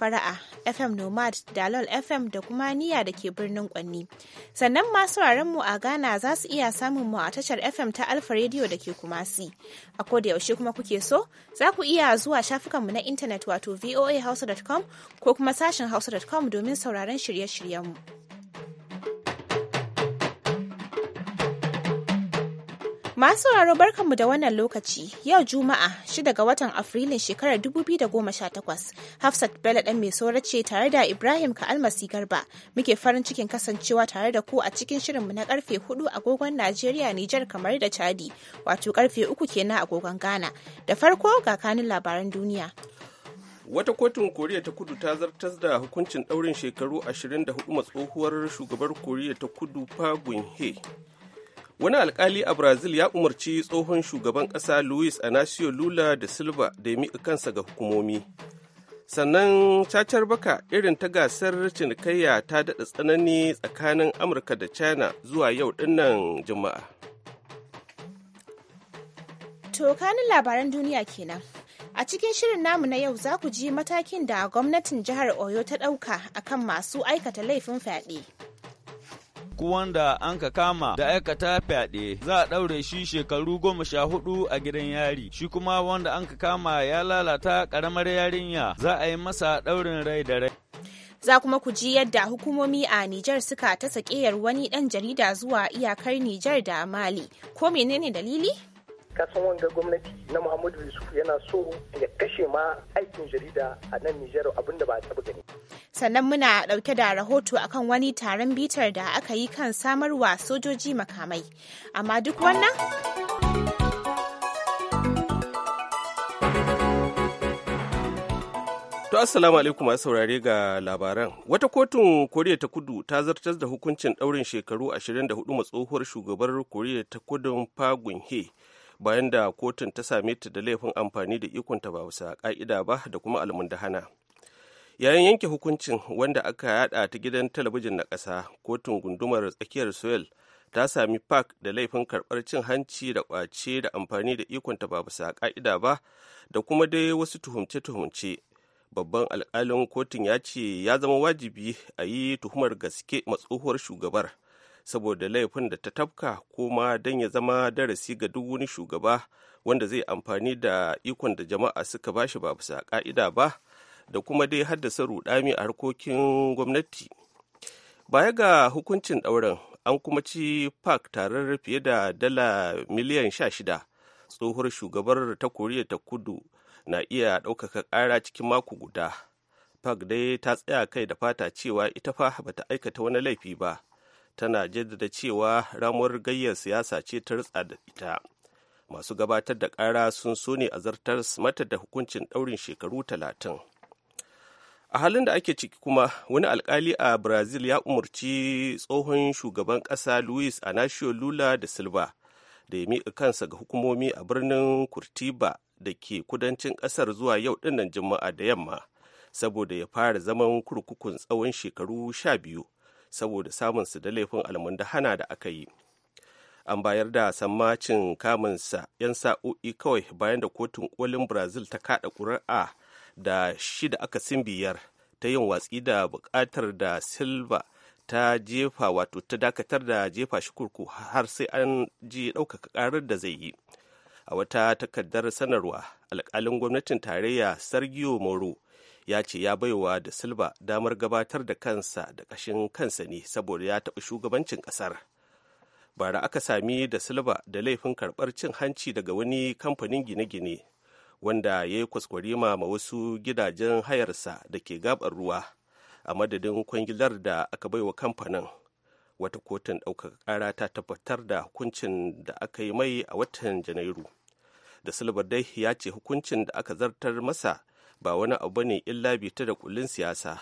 fara'a fm nomad dalol fm da kuma niya da ke birnin kwanni sannan masu mu a ghana za su iya samun mu a tashar fm ta alfa radio da ke kumasi a koda yaushe kuma kuke so za ku iya zuwa shafukanmu na intanet wato voa voahausa.com ko kuma sashen hausa.com domin sauraron shirye-shiryenmu. Masu sauraro barkanmu da wannan lokaci yau Juma'a 6 ga watan Afrilun shekarar 2018 Hafsat Bello ɗan mai saurace ce tare da Ibrahim ka almasi Garba muke farin cikin kasancewa tare da ku a cikin shirinmu na karfe 4 agogon Najeriya Nijar kamar da Chadi wato karfe 3 kenan agogon Ghana da farko ga kanin labaran duniya. wata kotun koriya ta kudu ta zartas da hukuncin daurin shekaru 24 ma tsohuwar shugabar koriya ta kudu pagun he wani alkali a brazil ya umarci tsohon shugaban ƙasa luis anacio lula da silva da ya miƙa kansa ga hukumomi sannan cacar baka irin ta gasar cinikayya ta daɗa tsanani tsakanin amurka da china zuwa yau dinnan juma'a Tokanin labaran duniya kenan A cikin shirin namu na yau za ku ji matakin da gwamnatin jihar Oyo ta ɗauka akan masu aikata laifin fyaɗe. duk wanda an ka kama da aikata fyaɗe za a ɗaure shi shekaru goma sha hudu a gidan yari shi kuma wanda an ka kama ya lalata ƙaramar yarinya za a yi masa ɗaurin rai da rai. Za kuma ku ji yadda hukumomi a Nijar suka ta sakeyar wani ɗan jarida zuwa iyakar Nijar da Mali. Ko menene dalili? kasan wanga gwamnati na muhammadu yusuf yana so ya kashe ma aikin jarida a nan nijar abinda ba a taba gani sannan muna dauke da rahoto akan wani taron bitar da aka yi kan samarwa sojoji makamai amma duk wannan To assalamu alaikum masu saurare ga labaran. Wata kotun Koriya ta Kudu ta zartar da hukuncin ɗaurin shekaru 24 ma tsohuwar shugabar Koriya ta kudun Pagun He. bayan da kotun ta same ta da laifin amfani da ikonta ba bisa ka'ida ba da kuma almundahana yayin yanke hukuncin wanda aka yada ta gidan talabijin na ƙasa kotun gundumar tsakiyar soil ta sami park da laifin karɓar cin hanci da kwace da amfani da ikonta ba bisa ka'ida ba da kuma dai wasu tuhumce-tuhumce babban alkalin kotun ya ce ya zama wajibi a yi tuhumar gaske matsohuwar shugabar saboda laifin da ta tafka kuma don ya zama darasi ga duk wani shugaba wanda zai amfani da ikon da jama'a suka bashi ba bisa ka'ida ba da kuma dai haddasa rudami a harkokin gwamnati baya ga hukuncin ɗaurin an kuma ci park tarar fiye da dala miliyan sha shida tsohuwar shugabar ta koriya ta kudu na iya ɗaukaka ƙara cikin mako guda park dai ta tsaya kai da fata cewa ita fa bata aikata wani laifi ba tana jaddada cewa ramuwar gayyar siyasa ce ta rutsa da ita masu gabatar da kara sun so ne a zartar mata da hukuncin daurin shekaru talatin a halin da ake ciki kuma wani alkali a brazil ya umarci tsohon shugaban kasa luis anacio lula da silva da ya miƙa kansa ga hukumomi a birnin kurtiba da ke kudancin kasar zuwa yau dinnan juma'a da yamma saboda ya fara zaman kurkukun tsawon shekaru sha biyu saboda samun su da laifin almundahana da aka yi an bayar da sammacin kamunsa 'yan sa'o'i kawai bayan da kotun kolin brazil ta kada ƙuri'a da shida aka sin biyar ta yin watsi da buƙatar da silva ta jefa wato ta dakatar da jefa shi kurku har sai an ji ɗaukaka ƙarar da zai yi a wata takardar sanarwa alƙalin gwamnatin tarayya sergio moro ya ce ya baiwa da silba damar gabatar da kansa da kashin kansa ne saboda ya taɓa shugabancin ƙasar bara aka sami da silba da laifin karɓar cin hanci daga wani kamfanin gine-gine wanda ya yi kwaskwarima ma wasu gidajen hayarsa da ke gabar ruwa a madadin kwangilar da aka baiwa kamfanin wata kotun ɗaukaka ƙara ta tabbatar da hukuncin da aka yi mai a watan janairu da silbar dai ya ce hukuncin da aka zartar masa ba wani abu ne illa ta da kullun siyasa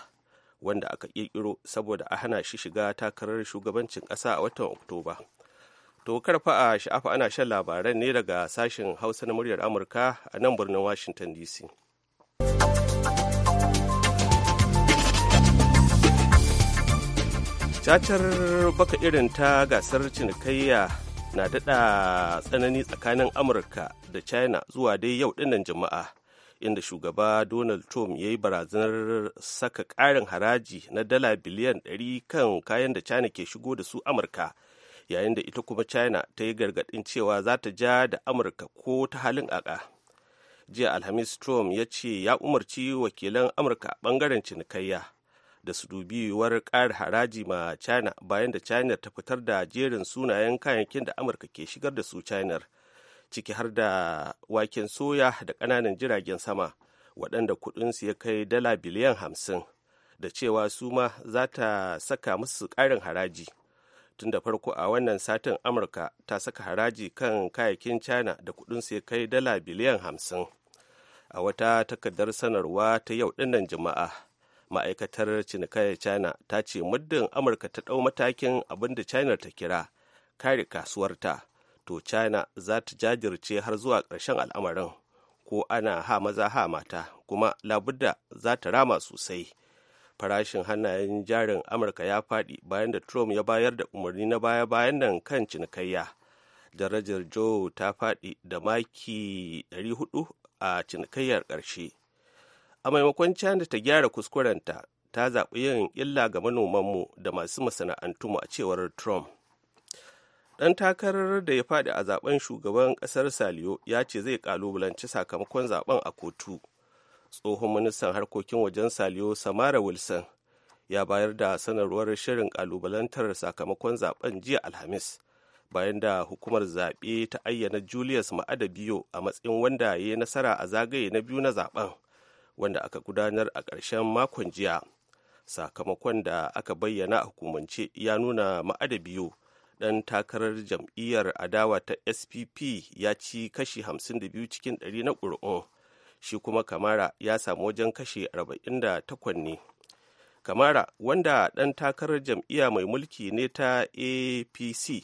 wanda aka ƙirƙiro saboda a hana shi shiga takarar shugabancin ƙasa a watan oktoba to karfa a sha'afa ana shan labaran ne daga sashen hausa na muryar amurka a nan birnin washington dc cacar baka irin ta gasar cinikayya na daɗa tsanani tsakanin amurka da china zuwa dai yau dinnan jama'a inda shugaba donald trump ya yi barazanar saka ƙarin haraji na dala biliyan 100 kan kayan da china ke shigo da su amurka yayin da ita kuma china ta yi gargaɗin cewa za ta ja da amurka ko ta halin aka jiya alhamis trump ya ce ya umarci wakilan amurka bangaren cinikayya da su dubi yiwuwar haraji ma china bayan da china ta fitar da jerin sunayen kayayyakin da amurka ke shigar da su china. ciki har da waken soya da ƙananan jiragen sama waɗanda kuɗinsu ya kai dala biliyan hamsin da cewa su ma za ta saka musu ƙarin haraji tun da farko a wannan satin amurka ta saka haraji kan kayakin china da kuɗinsu ya kai dala biliyan hamsin a wata takardar sanarwa ta yau ɗinnan jama'a ma'aikatar cinikayyar china ta ce muddin amurka ta ɗau matakin abin da china ta kira kare kasuwarta to china za ta jajirce har zuwa ƙarshen al'amarin ko ana ha maza ha mata kuma labudda za ta rama sosai farashin hannayen jarin amurka ya faɗi bayan da trump ya bayar da umarni na baya bayan nan kan cinikayya darajar joe ta faɗi da maki 400 a cinikayyar ƙarshe a maimakon china ta gyara kuskurenta ta zaɓi yin illa ga manomanmu da masu masana'antu a cewar trump ɗan takarar da ya faɗi a zaben shugaban ƙasar saliyo ya ce zai kalubalanci sakamakon zaben a kotu tsohon ministan harkokin wajen saliyo samara wilson ya bayar da sanarwar shirin ƙalubalantar sakamakon zaben jiya alhamis bayan da hukumar zaɓe ta ayyana julius ma'ada biyo a matsayin wanda ya yi nasara a zagaye na biyu na zaben wanda aka gudanar a ƙarshen makon jiya sakamakon da aka bayyana a hukumance ya nuna ma'ada biyu ɗan takarar jam'iyyar adawa ta spp ya ci kashi 52 cikin 100 na ƙuri'un shi kuma kamara ya samu wajen kashi 48 ne kamara wanda ɗan takarar jam'iyya mai mulki ne ta apc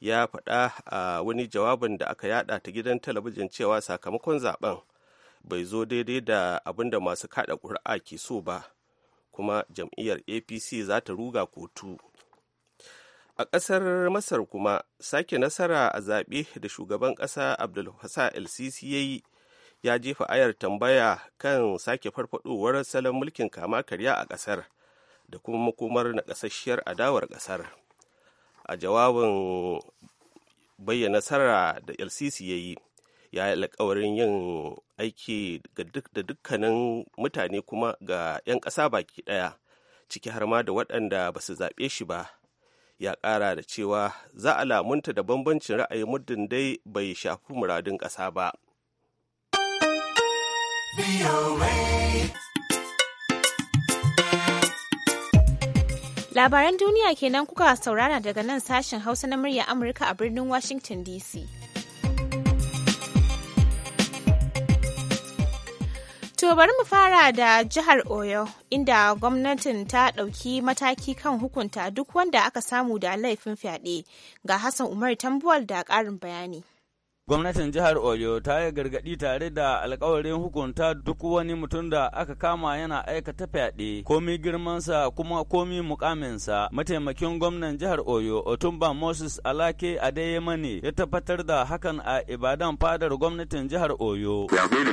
ya faɗa a wani jawabin da aka yada ta gidan talabijin cewa sakamakon zaben bai zo daidai da abin da masu kada ƙuri'a ke so ba kuma jam'iyyar apc za ta ruga kotu a ƙasar masar kuma sake nasara a zaɓe da shugaban ƙasa abdul fattah el sisi ya yi ya jefa ayar tambaya kan sake farfadowar salon mulkin kama karya a ƙasar da kuma makomar naƙasasshiyar adawar ƙasar a jawabin bayyana nasara da lcc ya yi ya yi alkawarin yin aiki da dukkanin mutane kuma ga 'yan ƙasa baki ɗaya ciki har ma da waɗanda ba su zaɓe shi ba ya ƙara da cewa za a lamunta da bambancin ra'ayi muddin dai bai shafi muradun ƙasa ba. Labaran duniya kenan kuka saurara daga nan sashen Hausa na murya Amurka a birnin Washington DC. bari mu fara da jihar Oyo inda gwamnatin ta ɗauki mataki kan hukunta duk wanda aka samu da laifin fyaɗe ga Hassan Umar Tambuwal da ƙarin bayani. Gwamnatin jihar Oyo ta yi gargaɗi tare da alkawarin hukunta duk wani mutum da aka kama yana aikata fyaɗe, komi girmansa kuma komi mukaminsa. Mataimakin gwamnan jihar Oyo Otumba Moses Alake Adeyemane ya tabbatar da hakan a Ibadan fadar gwamnatin jihar Oyo. Abnormally,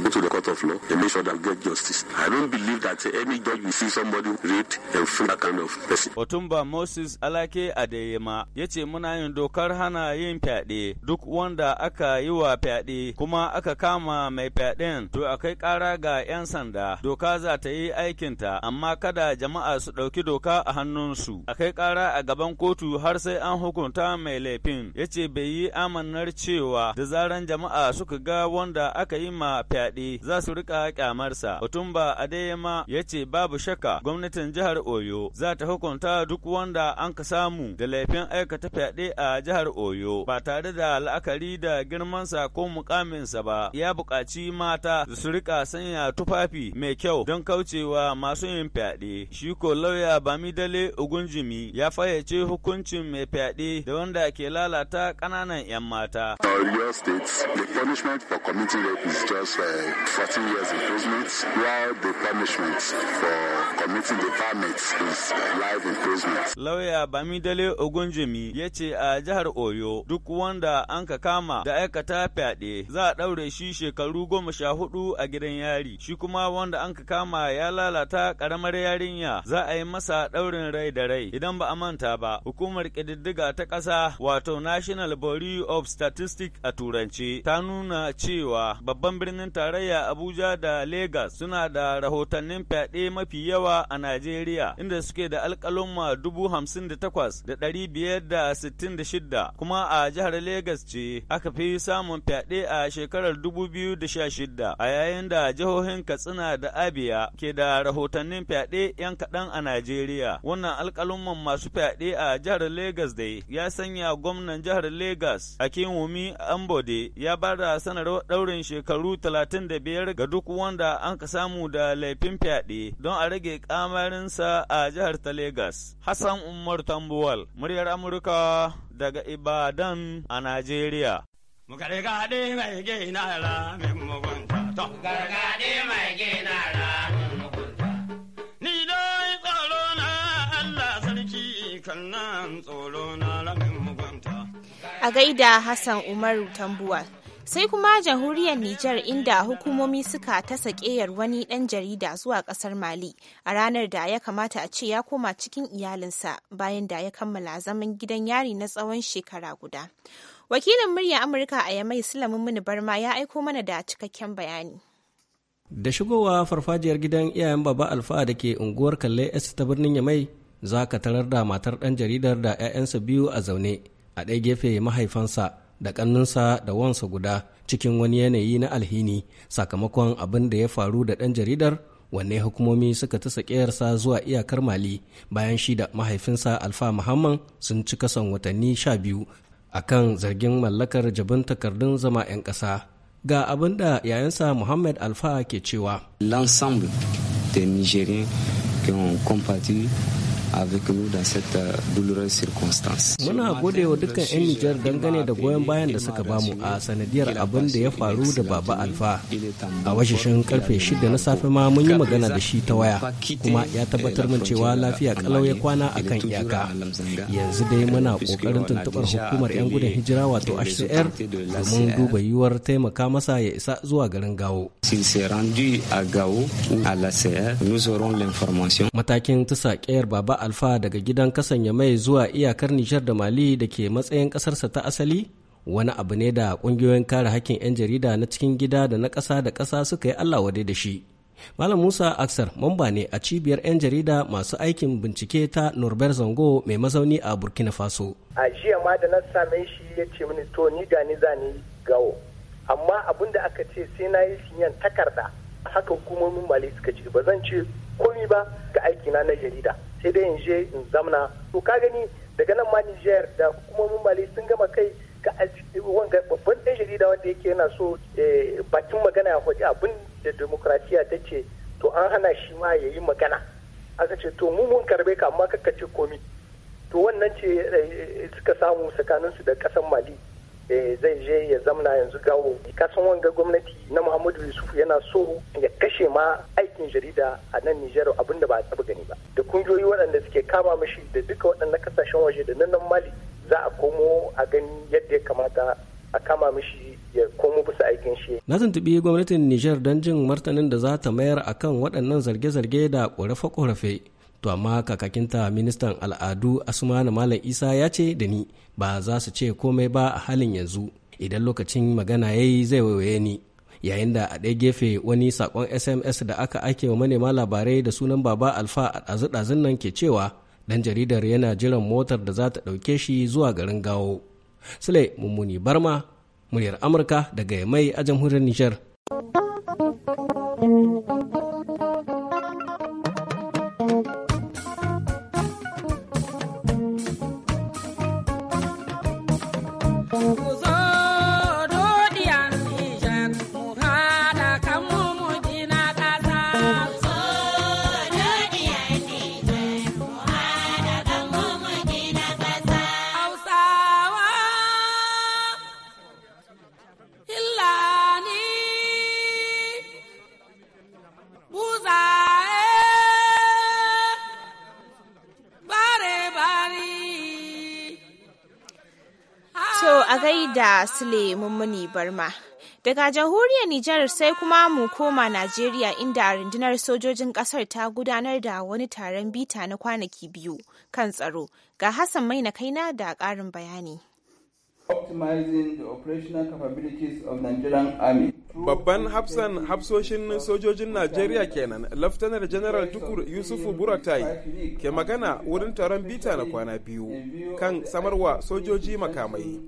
go to the court of law and make sure that get justice. I don't believe that any judge will see somebody great and free that kind of person. Otumba Moses Alake Adeyema ya ce muna yin dokar hana yin fyaɗe duk wanda aka yi wa fyaɗe kuma aka kama mai fyaɗen to akai ƙara ga 'yan sanda doka za ta yi aikinta amma kada jama'a su ɗauki doka a hannunsu akai ƙara a gaban kotu har sai an hukunta mai laifin ya ce bai yi amanar cewa da zaran jama'a suka ga wanda aka yi ma fyaɗe za su riƙa ƙyamarsa. Otumba Adeyema ya ce babu shakka gwamnatin jihar Oyo za ta hukunta duk wanda an ka samu da laifin aikata fyaɗe a jihar Oyo ba tare da la'akari da sa ko sa ba. Ya buƙaci mata su rika sanya tufafi mai kyau don kaucewa masu yin fyaɗe. Shi ko lauya Bamidale Ogunjimi ya fayyace hukuncin mai fyaɗe da wanda ke lalata ƙananan 'yan mata. punishment for committing rape is just uh, 14 years imprisonment, while the punishment Uh, Lauya Bamidele Ogunjimi ya ce a jihar Oyo duk wanda an ka kama da aikata fyaɗe za a ɗaure shi shekaru goma sha hudu a gidan yari, shi kuma wanda an ka kama ya lalata ƙaramar yarinya za a yi masa ɗaurin rai da rai. Idan ba a manta ba, hukumar ƙididdiga ta ƙasa wato National Bureau of Statistics a Turanci ta nuna cewa babban birnin tarayya Abuja da Legas suna da rahotannin fyaɗe fyaɗe mafi yawa a Najeriya inda suke da alƙalumma dubu hamsin da takwas da ɗari biyar da sittin da shidda kuma a jihar Legas ce aka fi samun fyaɗe a shekarar dubu biyu da sha shidda a yayin da jihohin Katsina da Abia ke da rahotannin fyaɗe ‘yan kaɗan a Najeriya. Wannan alƙalumman masu fyaɗe a jihar Legas dai ya sanya gwamnan jihar Legas a Wumi Ambode ya ba da sanarwar ɗaurin shekaru talatin da biyar ga duk wanda an ka samu da laifin fyaɗe. fyaɗe don a rage kamarinsa a jihar ta Legas. Hassan Umar Tambuwal, muryar Amurka daga Ibadan a Najeriya. A gaida Hassan Umaru Tambuwal. sai kuma jamhuriyar Nijar inda hukumomi suka ta sakeyar wani ɗan jarida zuwa ƙasar Mali a ranar da ya kamata a ce ya koma cikin iyalinsa bayan da ya kammala zaman gidan yari na tsawon shekara guda. Wakilin murya Amurka a Yamai Sulamin Mini Barma ya aiko mana da cikakken bayani. Da shigowa farfajiyar gidan iyayen Baba Alfa da ke unguwar Kalle S ta birnin Yamai za ka tarar da matar ɗan jaridar da 'ya'yansa biyu a zaune a ɗaya gefe mahaifansa da ƙannunsa da wansa guda cikin wani yanayi na alhini sakamakon abin da ya faru da ɗan jaridar wanne hukumomi suka ta sakiyarsa zuwa iyakar mali bayan shi da mahaifinsa alfa muhammad sun ci kasan watanni sha biyu a kan zargin mallakar jabin takardun zama 'yan ƙasa ga abin da yayansa muhammad alfa ke cewa l'ensemble des nigériens qui ont combattu avec nous euh, Muna gode wa dukkan 'yan Nijar dangane da goyon bayan da suka bamu a sanadiyar abin da ya faru da Baba Alfa. A washeshin karfe 6 na safe ma mun yi magana da shi ta waya kuma ya tabbatar min cewa lafiya kalau ya kwana a kan iyaka. Yanzu dai muna kokarin tuntubar hukumar 'yan gudun hijira wato HCR domin duba yiwuwar taimaka masa ya isa zuwa garin Gawo. Matakin tusa kayar Baba Alfa daga gidan kasanya mai zuwa iyakar Nijar da Mali da ke matsayin ƙasarsa ta asali wani abu ne da ƙungiyoyin kare hakkin 'yan jarida na cikin gida da na ƙasa da ƙasa suka yi Allah wade da shi. Malam Musa Aksar mamba ne a cibiyar 'yan jarida masu aikin bincike ta Norbert Zango mai mazauni a Burkina Faso. A jiya ma da na same shi ya ce mini to ni gani zani gawo. Amma abin da aka ce sai na yi shi yan takarda haka hukumomin mali suka ce ba zan ce komi ba ga aiki na jarida sai dai in je in zamna to ka gani daga nan ma Niger da hukumomin mali sun gama kai ga wanga babban ɗan jarida wanda yake yana so eh, bakin magana ya faɗi abin da demokratiya ta ce to an hana shi ma ya yi magana aka ce to mu mun karbe ka amma kakka komi to wannan ce eh, suka samu tsakaninsu da kasan mali zai je ya zamana yanzu gawo kasan wanga gwamnati na muhammadu yusuf yana so ya kashe ma aikin jarida a nan nijar abinda ba a taba gani ba da kungiyoyi waɗanda suke kama mashi da duka waɗannan kasashen waje da nan mali za a komo a gani yadda ya kamata a kama mishi ya komo bisa aikin shi. Na tuntuɓi gwamnatin Nijar don jin martanin da za ta mayar akan waɗannan zarge-zarge da ƙorafe-ƙorafe. to amma kakakinta ministan al'adu asmanu malam isa ya ce da ni ba za su ce komai ba a halin yanzu idan lokacin magana ya yi zai waiwaye ni yayin da a ɗaya gefe wani sakon sms da aka ake wa manema labarai da sunan baba alfa a ɗazu-ɗazun nan ke cewa dan jaridar yana jiran motar da za ta ɗauke shi zuwa garin gawo sule mummuni barma muryar amurka daga mai a jamhuriyar nijar da Sule Mummuni Barma. Daga jamhuriyar Nijar sai kuma mu koma Najeriya inda rundunar sojojin kasar ta gudanar da wani taron bita na kwanaki biyu kan tsaro. Ga Hassan na Kaina da ƙarin bayani. optimizing the operational Babban hafsan hafsoshin sojojin Najeriya kenan, Laftanar General Tukur yusuf Buratai ke magana wurin taron bita na kwana biyu kan samarwa sojoji makamai,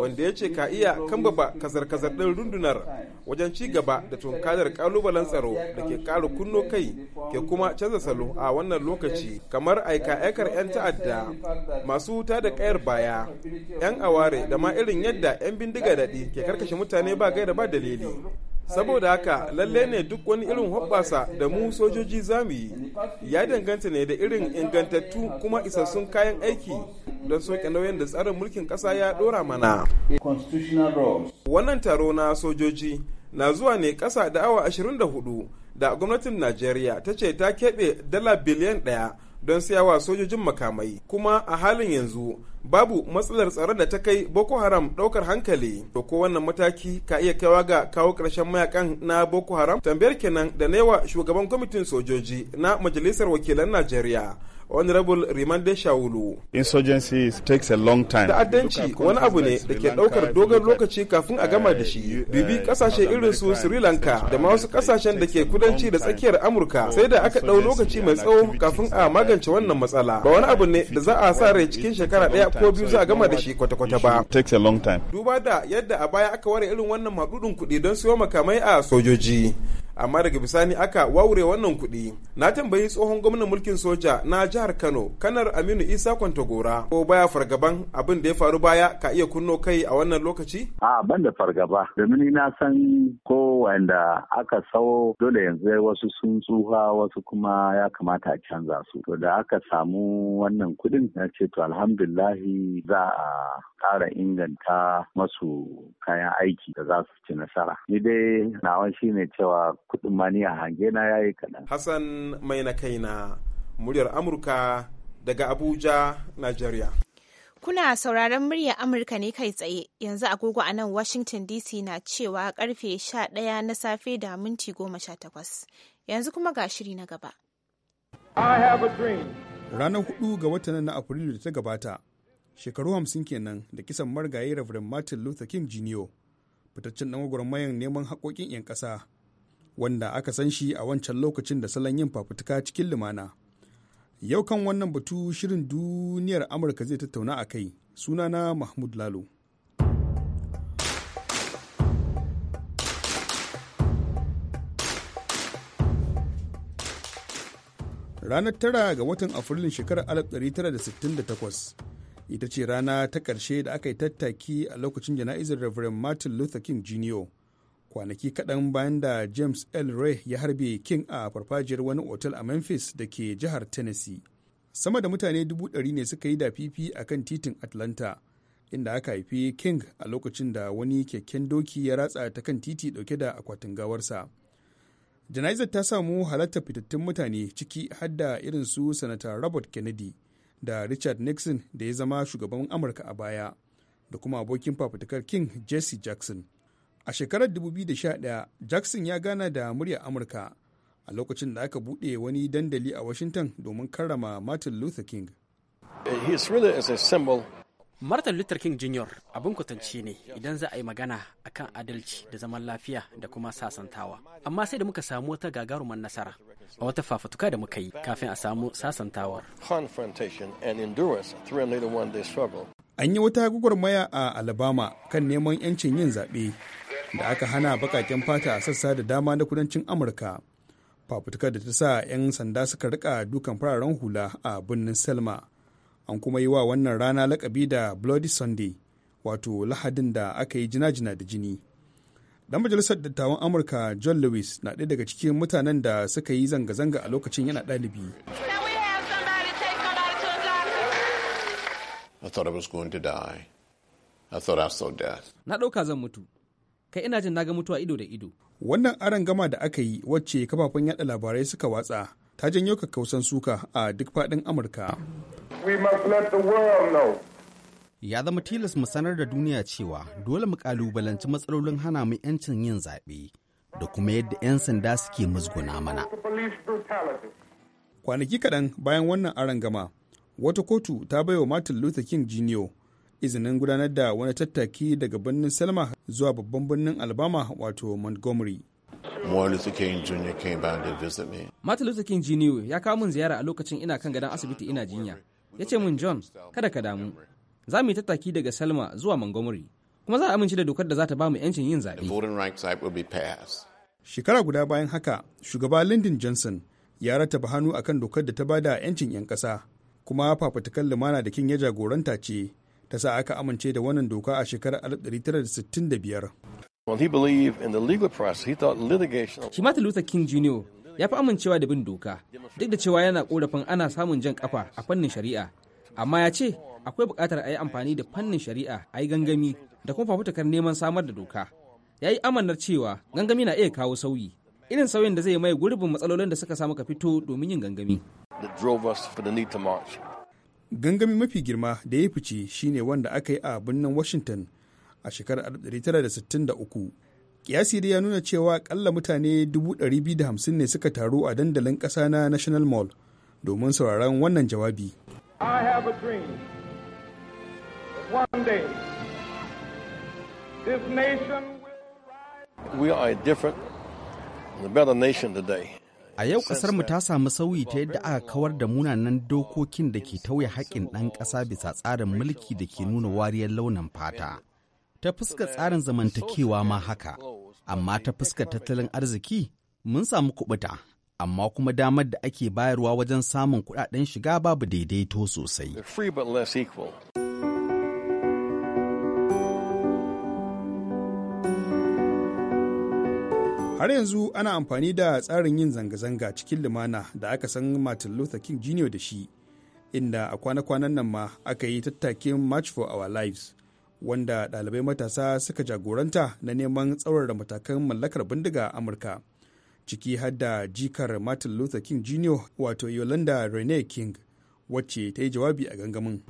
wanda ya ce ka iya kambaba kazar-kazar ɗin rundunar wajen ci gaba da tunkadar kalubalen tsaro da ke ƙara kunno kai ke kuma canza salo a wannan lokaci kamar aika-aikar 'yan ta'adda masu wuta da ƙayar baya, 'yan aware da ma irin yadda 'yan bindiga daɗi ke karkashe mutane ba gaida ba dalili saboda haka lalle ne duk wani irin hoɓɓasa da mu sojoji zamu yi ya danganta ne da irin ingantattu kuma isassun kayan aiki don soke nauyin da tsarin mulkin ƙasa ya ɗora mana wannan taro na sojoji na zuwa ne ƙasa da awa ashirin da hudu da gwamnatin najeriya ta ce ta keɓe dala biliyan ɗaya don siyawa sojojin makamai kuma a halin yanzu babu matsalar tsaron da ta kai boko haram daukar hankali to ko wannan mataki ka iya kaiwa ga kawo karshen mayakan na boko haram tambayar kenan da naiwa shugaban kwamitin sojoji na majalisar wakilan najeriya honorable rimande shawulu insurgency takes a long time ta'addanci wani abu ne da ke daukar dogon lokaci kafin a gama da shi bibi eh, kasashe eh, irin su sri lanka da ma wasu kasashen da ke kudanci da tsakiyar amurka oh, sai da aka dau lokaci mai tsawo kafin a magance wannan matsala ba wani abu ne da za a sa rai cikin shekara daya ko biyu za a gama da shi kwata-kwata ba takes a long time duba da yadda a baya aka ware irin wannan maɗuɗin kuɗi don siyo makamai a sojoji amma daga bisani aka waure wannan kuɗi na tambayi tsohon gwamnan mulkin soja na jihar kano kanar aminu isa kwantagora ko baya fargaban abin da ya faru baya ka iya kunno kai a wannan lokaci a ban da fargaba domin na san ko wanda aka sawo dole yanzu wasu sun tsuha wasu kuma ya kamata a canza su to da aka samu wannan kuɗin na ce to alhamdulillahi za a ƙara inganta masu kayan aiki da za su ci nasara ni dai nawa shine cewa kudin mani a hange na yayi kaɗan. Hassan mai na kaina muryar Amurka daga Abuja, Najeriya. Kuna sauraron muryar Amurka ne kai tsaye yanzu agogo a nan Washington DC na cewa karfe 11 na safe da minti 18. Yanzu kuma ga shiri na gaba. Ranar hudu ga watan na Afrilu da ta gabata, shekaru hamsin kenan da kisan margaye Reverend Martin Luther King Jr. fitaccen dan gwagwarmayar neman haƙoƙin 'yan ƙasa wanda aka san shi a wancan lokacin da salon yin fafutuka cikin lumana yau kan wannan batu shirin duniyar amurka zai tattauna a kai sunana mahmud lalo ranar tara ga watan afrilun shekarar 1968 ita ce rana ta ƙarshe da aka yi tattaki a lokacin jana'izar reverend martin luther king jr kwanaki kaɗan bayan da james l ray ya harbe king a farfajiyar wani otal a memphis da ke jihar tennessee sama da mutane dubu ɗari ne suka yi da fifi a kan titin atlanta inda aka haifi king a lokacin da wani keken doki ya ratsa ta kan titi ɗauke da akwatin gawarsa jana'izar ta samu halartar fitattun mutane ciki hadda irin su sanata robert kennedy da richard nixon da ya zama shugaban amurka a baya da kuma abokin fafutukar king jesse jackson A shekarar 2011, Jackson ya gana da muryar Amurka a lokacin da aka buɗe wani dandali a Washington domin karrama Martin Luther King. Martin Luther King Jr. abin kwatance ne idan za a yi magana a kan adalci da zaman lafiya da kuma sasantawa. Amma sai da muka samu wata gagarumar nasara a wata fafatuka da muka yi kafin a samu sasantawar. An yi wata maya a Alabama kan neman 'yancin yin zaɓe. da aka hana bakaken fata a sassa da dama na kudancin amurka fafutukar da ta sa 'yan sanda suka rika dukan fararen hula a birnin selma an kuma yi wa wannan rana lakabi da bloody sunday wato lahadin da aka yi jina-jina da jini dan majalisar dattawan amurka john lewis na ɗaya daga cikin mutanen da suka yi zanga-zanga a lokacin yana ɗalibi na ɗauka zan mutu kai ina jin naga mutuwa ido da ido wannan aron gama da aka yi wacce kafafen yada labarai suka watsa ta janyo kakkausan suka a duk faɗin amurka ya zama tilas mu sanar da duniya cewa dole mu kalubalanci matsalolin hana mu 'yancin yin zaɓe da kuma yadda 'yan sanda suke musguna mana kwanaki kaɗan bayan wannan aron gama wata kotu ta baiwa martin luther king jr izinin gudanar da wani tattaki daga birnin Selma zuwa babban birnin Alabama wato Montgomery. Martin Luther King Jr. ya kawo min ziyara a lokacin ina kan gadon asibiti ina jinya. Ya ce min John, kada ka damu. Za mu yi tattaki daga Selma zuwa Montgomery. Kuma za a amince da dokar da za ta ba mu 'yancin yin zaɓe. Shekara guda bayan haka, shugaba Lyndon Johnson ya rattaba hannu akan dokar da ta bada 'yancin 'yan ƙasa. Kuma fafatakar lumana da King ya jagoranta ce ta sa aka amince da wannan doka a shekarar 1965. Shi Martin Luther King Jr. ya fi amincewa da bin doka duk da cewa yana korafin ana samun jan kafa a fannin shari'a amma ya ce akwai buƙatar a yi amfani da fannin shari'a a yi gangami da kuma fafutukar neman samar da doka ya yi amannar cewa gangami na iya kawo sauyi irin sauyin da zai mai gurbin matsalolin da suka samu ka fito domin yin gangami. gangami mafi girma da ya fice shine wanda aka yi a birnin washington a shekarar 1963 kiyasi da ya nuna cewa kalla mutane 250 ne suka taru a dandalin kasa na national mall domin sauraron wannan jawabi I have a nation will We are a different and a better nation today. A yau ƙasarmu ta samu sauyi ta yadda aka kawar da munanan dokokin da ke tauye haƙƙin ɗan ƙasa bisa tsarin mulki da ke nuna wariyar launin fata. Ta fuska tsarin zamantakewa ma haka, amma ta fuska tattalin arziki mun samu kuɓuta, amma kuma damar da ake bayarwa wajen samun kuɗaɗen shiga babu daidaito sosai. har yanzu ana amfani da tsarin yin zanga-zanga cikin lumana da aka san martin luther king jr da shi inda a kwana-kwanan nan ma aka yi tattakin march for our lives wanda ɗalibai matasa suka jagoranta na neman tsaurara matakan mallakar bindiga amurka ciki har da jikar martin luther king jr wato yolanda rene king wacce ta yi jawabi a gangamin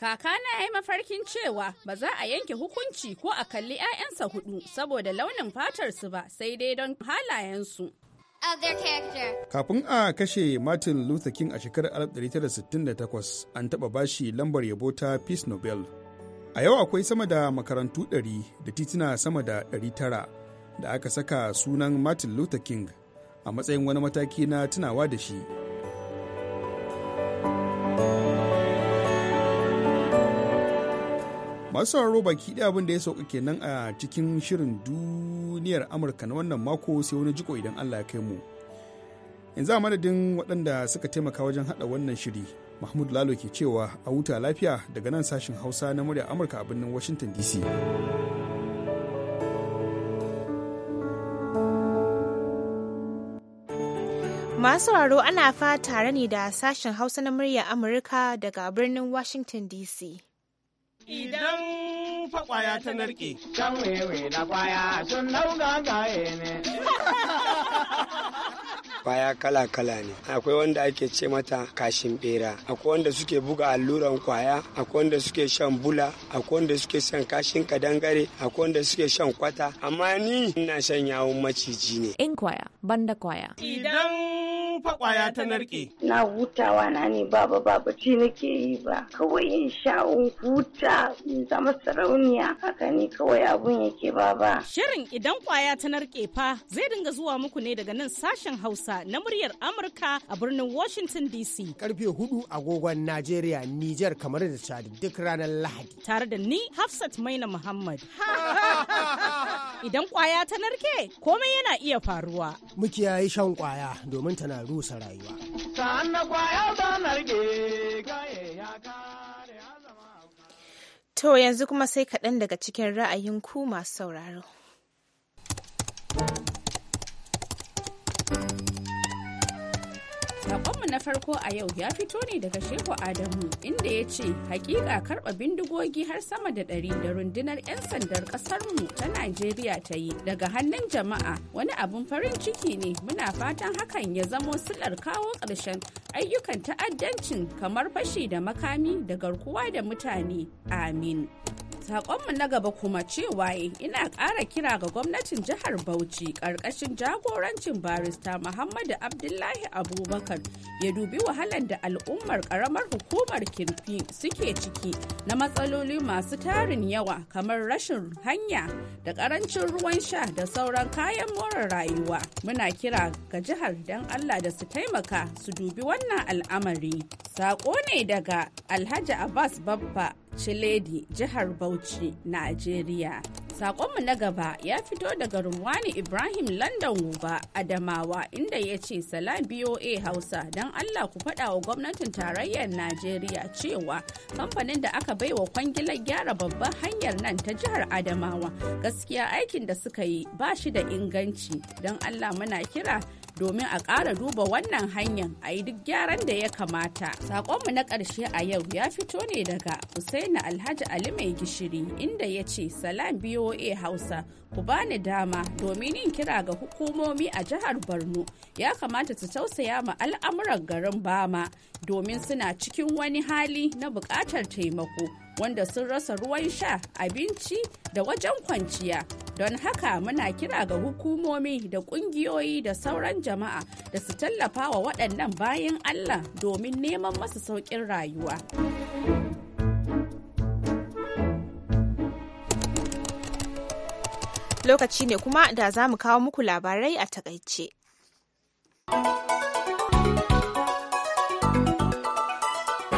kakana ya yi mafarkin cewa ba za a yanke hukunci ko a kalli 'ya'yansa hudu saboda launin fatarsu ba sai dai don halayensu. Kafin a kashe Martin Luther King a shekarar 1968 an taɓa bashi lambar yabo ta Peace Nobel. A yau akwai sama da makarantu 100 da tituna sama da tara da aka saka sunan Martin Luther King a matsayin wani mataki na tunawa da shi. masu sauraro baki ɗaya abin da ya sauka kenan a cikin shirin duniyar amurka na wannan mako sai wani jiko idan allah ya kai mu yanzu a madadin waɗanda suka taimaka wajen haɗa wannan shiri mahmud lalo ke cewa a huta lafiya daga nan sashen hausa na murya amurka a birnin washington dc Masu raro ana fa tare ne da sashen Hausa na murya Amurka daga birnin Washington DC. idan fa kwaya ta narke. Can wewe na kwaya sun dauga ga ne. kwaya kala-kala ne akwai wanda ake ce mata kashin bera akwai wanda suke buga alluran kwaya akwai wanda suke shan bula akwai wanda suke shan kashin kadangare akwai wanda suke shan kwata amma ni ina shan yawon maciji ne in kwaya banda kwaya idan fa kwaya ta narke na hutawa na ne baba baba ce nake yi ba kawai in sha huta in zama sarauniya haka ne kawai abun yake baba shirin idan kwaya ta narke fa zai dinga zuwa muku ne daga nan sashen hausa Hausa na muryar Amurka a birnin Washington DC. Karfe hudu agogon Najeriya, Nijar kamar da Chad duk ranar Lahadi. Tare da ni Hafsat Maina Muhammad. Idan kwaya ta narke, komai yana iya faruwa. Muke yayi shan kwaya domin tana rusa rayuwa. kwaya ta narke, To yanzu kuma sai kaɗan daga cikin ra'ayin ku masu sauraro. farko a yau ya fito ne daga Shehu Adamu inda ya ce hakika karɓa bindigogi har sama da ɗari da rundunar 'yan sandar ƙasarmu ta Najeriya ta yi daga hannun jama'a wani abun farin ciki ne muna fatan hakan ya zamo sular kawo ƙarshen ayyukan ta'addancin kamar fashi da makami da garkuwa da mutane. Amin. Sakonmu na gaba kuma cewa ina ƙara kira ga gwamnatin jihar Bauchi ƙarƙashin jagorancin barista Muhammadu Abdullahi Abubakar ya dubi wahalar da al'ummar ƙaramar hukumar Kirfi suke ciki na matsaloli masu tarin yawa kamar rashin hanya da ƙarancin ruwan sha da sauran kayan more rayuwa. Muna kira ga jihar don Allah da su taimaka su dubi wannan al'amari. Sako ne daga Alhaji Abbas Babba Chiledi, jihar Bauchi, Najeriya. Sakonmu na gaba ya fito daga Rumwani Ibrahim London Wuba Adamawa inda ya ce salam BOA Hausa don Allah ku faɗa wa gwamnatin tarayyar Najeriya cewa kamfanin da aka baiwa kwangilar gyara babban hanyar nan ta jihar Adamawa gaskiya aikin da suka yi ba shi da inganci don Allah muna kira domin a ƙara duba wannan hanyar a yi duk gyaran da ya kamata. Saƙonmu na ƙarshe a yau ya fito ne daga Usaini Alhaji Ali Mai Gishiri inda ya ce Salam BOA Hausa ku bani dama domin yin kira ga hukumomi a jihar Borno ya kamata su tausaya ma al'amuran garin Bama domin suna cikin wani hali na buƙatar taimako. wanda sun rasa ruwan sha abinci da wajen kwanciya don haka muna kira ga hukumomi da kungiyoyi da sauran jama'a da su tallafa wa waɗannan bayan allah domin neman masu sauƙin rayuwa lokaci ne kuma da za mu kawo muku labarai a takaice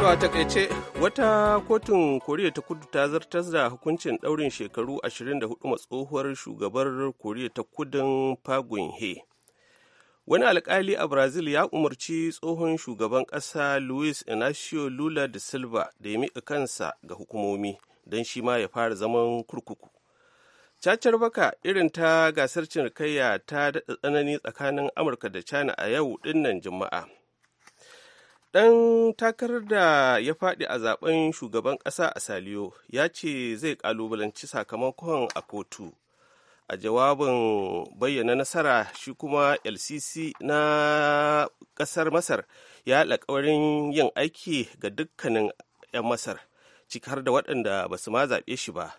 To a takaice wata kotun Koriya ta kudu ta zartar da hukuncin daurin shekaru 24 ma tsohuwar shugabar Koriya ta kudin Pagun He. Wani alkali a Brazil ya umarci tsohon shugaban kasa Luis Inacio Lula da Silva da ya miƙa kansa ga hukumomi don shi ma ya fara zaman kurkuku. Cacar baka irin ta gasar cinikayya ta daɗa tsanani tsakanin Amurka da China a yau dinnan Juma'a. ɗan takar da ya faɗi a zaben shugaban ƙasa a saliyo ya ce zai ƙalubalanci sakamakon a kotu a jawabin bayyana nasara shi kuma lcc na ƙasar masar ya alƙawarin yin aiki ga dukkanin 'yan masar cikar da waɗanda ba su ma zaɓe shi ba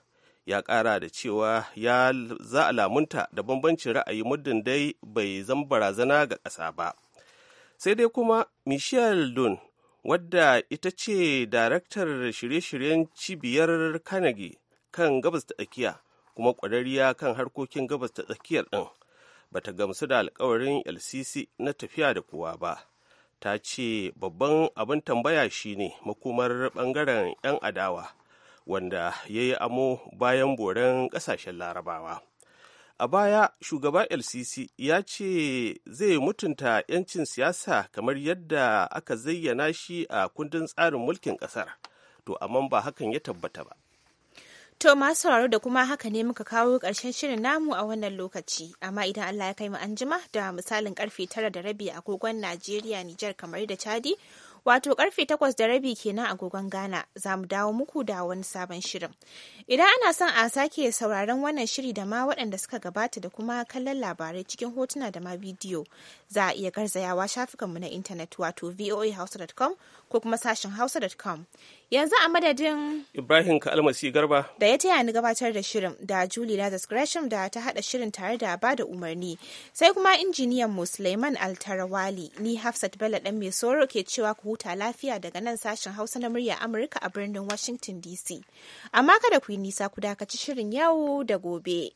ya ƙara da cewa ya za alamunta lamunta da bambancin ra'ayi muddin dai bai zan barazana ga ƙasa ba sai dai kuma michelle dun wadda ita ce daraktar shirye-shiryen cibiyar kanagi kan gabas ta tsakiya kuma ƙwararriya kan harkokin gabas ta tsakiyar ɗin bata gamsu da alkawarin lcc na tafiya da kowa ba ta ce babban abin tambaya shine makomar bangaren 'yan adawa wanda ya yi amo bayan boren kasashen larabawa a baya shugaba lcc ya ce zai mutunta 'yancin siyasa kamar yadda aka zayyana shi a kundin tsarin mulkin kasar to amma ba hakan ya tabbata ba To masu sauraro da kuma haka ne muka kawo ƙarshen shirin namu a wannan lokaci, amma idan Allah ya kai mu anjima da misalin karfe tara da rabi a agogon Najeriya, Nijar kamar da Chadi, wato karfe takwas da rabi kenan agogon Ghana za mu dawo muku da wani sabon shirin. Idan ana son a sake sauraron wannan shiri da ma waɗanda suka gabata da kuma kallon labarai cikin hotuna da ma bidiyo za a iya garzayawa shafukanmu na intanet wato voahausa.com ko kuma sashen hausa.com. Yanzu a madadin Ibrahim ka almasi Garba da ya taya ni gabatar da shirin da Julie Lazarus Gresham da ta hada shirin tare da ba da umarni sai kuma injiniyan mu Suleiman Altarawali ni Hafsat Bello ɗan mai soro ke cewa ku huta lafiya daga nan sashen Hausa na murya Amurka a birnin Washington DC. Amma kada ku yi nisa ku dakaci shirin yau da gobe.